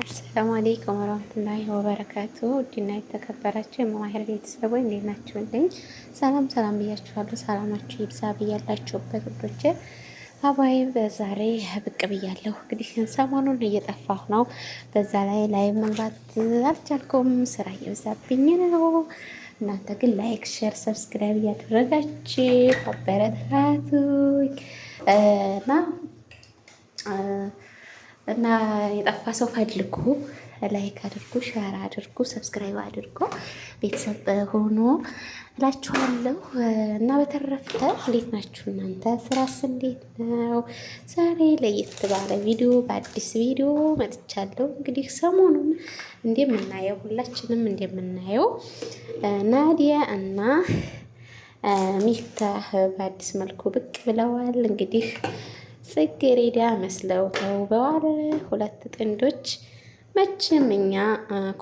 አሰላሙ አሌይኩም ወረህመቱላሂ ወበረካቱ። ውድና የተከበራችሁ የመዋሄር ቤተሰቦች እንዴት ናችሁልኝ? ሰላም ሰላም ብያችኋለሁ። ሰላማችሁ ይብዛ ብያላችሁበት ውዶች አባይ በዛሬ ብቅ ብያለሁ። እንግዲህ ሰሞኑን እየጠፋሁ ነው። በዛ ላይ ላይ መግባት አልቻልኩም፣ ስራ እየበዛብኝ ነው። እናንተ ግን ላይክ፣ ሼር፣ ሰብስክራይብ እያደረጋችሁ አበረታቱኝ እና እና የጠፋ ሰው ፈልጉ፣ ላይክ አድርጉ፣ ሸር አድርጉ፣ ሰብስክራይብ አድርጉ፣ ቤተሰብ ሆኖ እላችኋለሁ። እና በተረፈ እንዴት ናችሁ እናንተ? ስራስ እንዴት ነው? ዛሬ ለየት ባለ ቪዲዮ በአዲስ ቪዲዮ መጥቻለሁ። እንግዲህ ሰሞኑን እንደምናየው ሁላችንም እንደምናየው ናዲያ እና ሚፍታህ በአዲስ መልኩ ብቅ ብለዋል እንግዲህ ጽጌሬዳ መስለው ተውበዋል ሁለት ጥንዶች። መቼም እኛ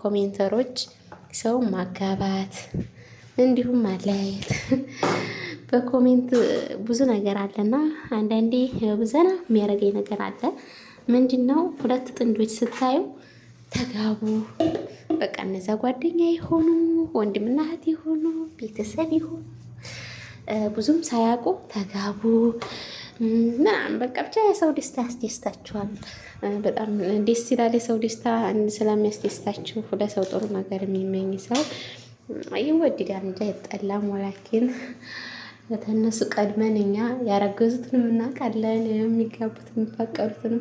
ኮሜንተሮች ሰው ማጋባት እንዲሁም ማለያየት በኮሜንት ብዙ ነገር አለና አንዳንዴ ዘና የሚያደርገኝ ነገር አለ። ምንድን ነው ሁለት ጥንዶች ስታዩ ተጋቡ፣ በቃ እነዛ ጓደኛ የሆኑ ወንድምና እህት የሆኑ ቤተሰብ የሆኑ ብዙም ሳያውቁ ተጋቡ ምናምን በቃ ብቻ የሰው ደስታ ያስደስታችኋል። በጣም ደስ ይላል። የሰው ደስታ ስለሚያስደስታችሁ ለሰው ጥሩ ነገር የሚመኝ ሰው ይወድዳል እንጂ አይጠላም። ወላኪን ከእነሱ ቀድመን እኛ ያረገዙትንም እናውቃለን፣ የሚጋቡትን የሚፋቀሩትንም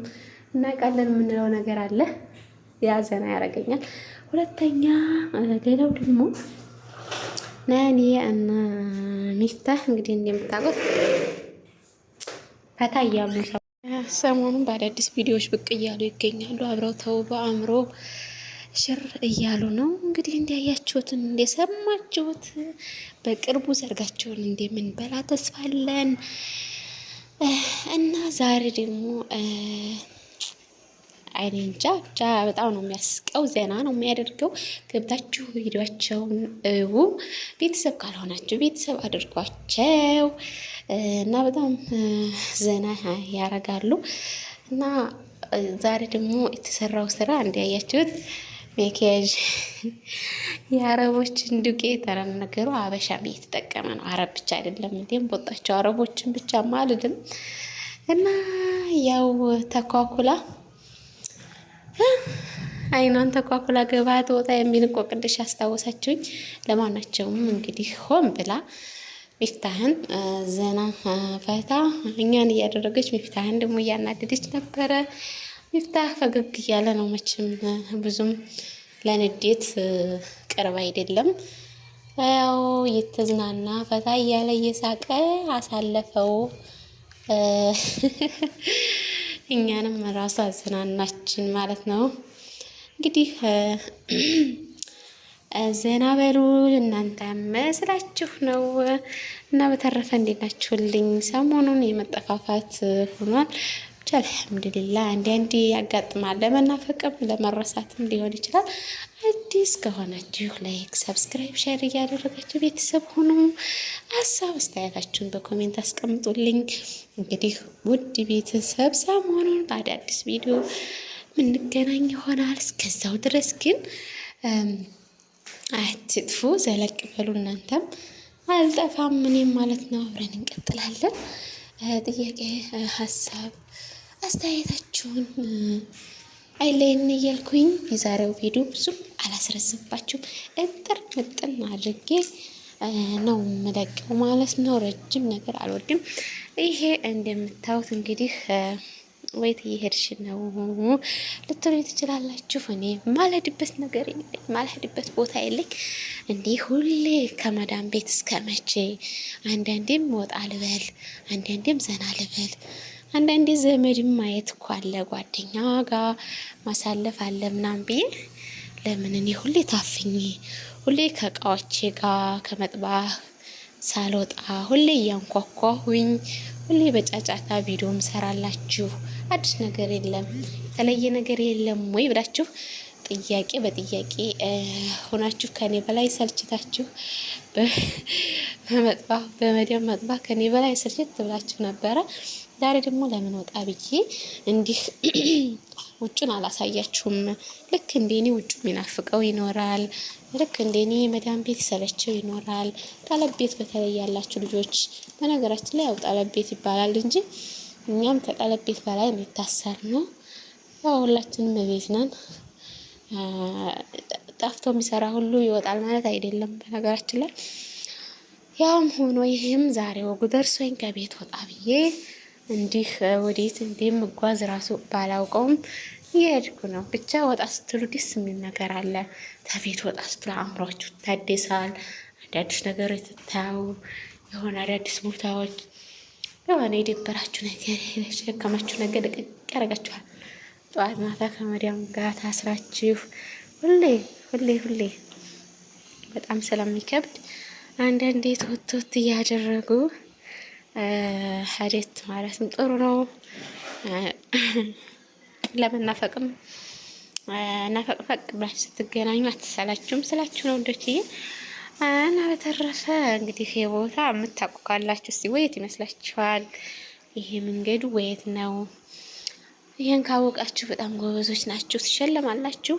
እናውቃለን የምንለው ነገር አለ። ያ ዘና ያደርገኛል። ሁለተኛ ሌላው ደግሞ ናኒ እና ሚፍታህ እንግዲህ እንደምታውቁት ፈታ እያሉ ሰሞኑን በአዳዲስ ቪዲዮዎች ብቅ እያሉ ይገኛሉ። አብረው ተውበ አምሮ ሽር እያሉ ነው። እንግዲህ እንዲያያችሁትን እንደሰማችሁት በቅርቡ ሰርጋቸውን እንደምንበላ ተስፋለን እና ዛሬ ደግሞ አይኔ እንጃ ብቻ በጣም ነው የሚያስቀው፣ ዜና ነው የሚያደርገው። ገብታችሁ ቪዲዮቸውን እው ቤተሰብ ካልሆናችሁ ቤተሰብ አድርጓቸው እና በጣም ዜና ያረጋሉ እና ዛሬ ደግሞ የተሰራው ስራ እንዲያያችሁት ሜኪያጅ የአረቦችን ዱቄት ረን ነገሩ አበሻም እየተጠቀመ ነው። አረብ ብቻ አይደለም እንዲም በወጣቸው አረቦችን ብቻ ማልድም እና ያው ተኳኩላ አይኗን ተኳኩላ ገባ ተወጣ የሚል እንቆቅልሽ ያስታወሳችሁኝ። ለማናቸውም እንግዲህ ሆን ብላ ሚፍታህን ዘና ፈታ እኛን እያደረገች ሚፍታህን ደግሞ እያናደደች ነበረ። ሚፍታህ ፈገግ እያለ ነው። መቼም ብዙም ለንዴት ቅርብ አይደለም። ያው እየተዝናና ፈታ እያለ እየሳቀ አሳለፈው። እኛንም ራሱ አዝናናችን ማለት ነው። እንግዲህ ዜና በሉ እናንተ መስላችሁ ነው። እና በተረፈ እንዴት ናችሁልኝ? ሰሞኑን የመጠፋፋት ሆኗል። ብቻ አልሐምድሊላ አንዴ ያጋጥማል። ለመናፈቅም ለመረሳትም ሊሆን ይችላል። አዲስ ከሆናችሁ ላይክ፣ ሰብስክራይብ፣ ሼር እያደረጋችሁ ቤተሰብ ሆኑ። ሀሳብ አስተያየታችሁን በኮሜንት አስቀምጡልኝ። እንግዲህ ውድ ቤተሰብ ሰሞኑን በአዳዲስ ቪዲዮ ምንገናኝ ይሆናል። እስከዛው ድረስ ግን አትጥፉ፣ ዘለቅ በሉ እናንተም። አልጠፋም እኔም ማለት ነው። አብረን እንቀጥላለን። ጥያቄ፣ ሀሳብ፣ አስተያየታችሁን አይለይን እያልኩኝ የዛሬው ቪዲዮ ብዙም አላስረዝባችሁም። እጥር ምጥን አድርጌ ነው የምለቀው ማለት ነው። ረጅም ነገር አልወድም። ይሄ እንደምታዩት እንግዲህ ወይት እየሄድሽ ነው ልትሉ ትችላላችሁ። እኔ ማልሄድበት ነገር የለኝ፣ ማልሄድበት ቦታ የለኝ። እንዲህ ሁሌ ከመዳም ቤት እስከ መቼ? አንዳንዴም ወጣ ልበል፣ አንዳንዴም ዘና ልበል። አንዳንዴ ዘመድም ማየት እኮ አለ፣ ጓደኛ ጋር ማሳለፍ አለ ምናምን ብዬ ለምን እኔ ሁሌ ታፍኝ፣ ሁሌ ከእቃዎቼ ጋር ከመጥባህ ሳልወጣ ሁሌ እያንኳኳሁኝ ሁሌ በጫጫታ ቪዲዮም ሰራላችሁ አዲስ ነገር የለም የተለየ ነገር የለም ወይ ብላችሁ ጥያቄ በጥያቄ ሆናችሁ ከኔ በላይ ሰልችታችሁ በመጥባ በመዲያም መጥባ ከኔ በላይ ሰልችት ብላችሁ ነበረ። ዛሬ ደግሞ ለምን ወጣ ብዬ እንዲህ ውጩን አላሳያችሁም። ልክ እንደኔ ውጩ የሚናፍቀው ይኖራል። ልክ እንደኔ መዳም ቤት ሰለቸው ይኖራል። ጠለብ ቤት በተለይ ያላችሁ ልጆች፣ በነገራችን ላይ ያው ጠለብ ቤት ይባላል እንጂ እኛም ከጠለብ ቤት በላይ የሚታሰር ነው። ያው ሁላችንም ቤት ነን። ጠፍቶ የሚሰራ ሁሉ ይወጣል ማለት አይደለም። በነገራችን ላይ ያም ሆኖ ይህም ዛሬ ወጉ ደርሶኝ ከቤት ወጣ ብዬ እንዲህ ወዴት እንደምጓዝ ራሱ ባላውቀውም እየሄድኩ ነው። ብቻ ወጣ ስትሉ ደስ የሚል ነገር አለ። ተቤት ወጣ ስትሉ አእምሯችሁ ይታደሳል። አዳዲስ ነገሮች ትታዩ የሆነ አዳዲስ ቦታዎች የሆነ የደበራችሁ ነገር የተሸከማችሁ ነገር ልቅቅ ያደርጋችኋል። ጠዋት ማታ ከመዲያም ጋር ታስራችሁ ሁሌ ሁሌ ሁሌ በጣም ስለሚከብድ አንዳንዴ ትወት እያደረጉ ሀዴት ማለትም ጥሩ ነው። ለመናፈቅም ናፈቅፈቅ ብላችሁ ስትገናኙ አትሰላችሁም ስላችሁ ነው ወንዶችዬ። እና በተረፈ እንግዲህ ይሄ ቦታ የምታውቁ ካላችሁ እስቲ ወየት ይመስላችኋል? ይሄ መንገዱ ወየት ነው? ይህን ካወቃችሁ በጣም ጎበዞች ናችሁ፣ ትሸለማላችሁ።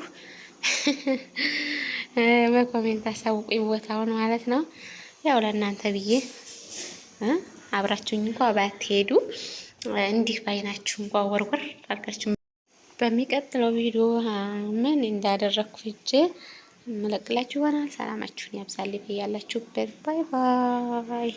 በኮሜንት አሳውቁኝ ቦታውን ማለት ነው ያው ለእናንተ ብዬ አብራችሁኝ እንኳ ባትሄዱ እንዲህ ባይናችሁ እንኳ ወርወር አድርጋችሁ በሚቀጥለው ቪዲዮ ምን እንዳደረግኩ ሂጄ መለቅላችሁ ይሆናል። ሰላማችሁን ያብዛልኝ ብያላችሁበት። ባይ ባይ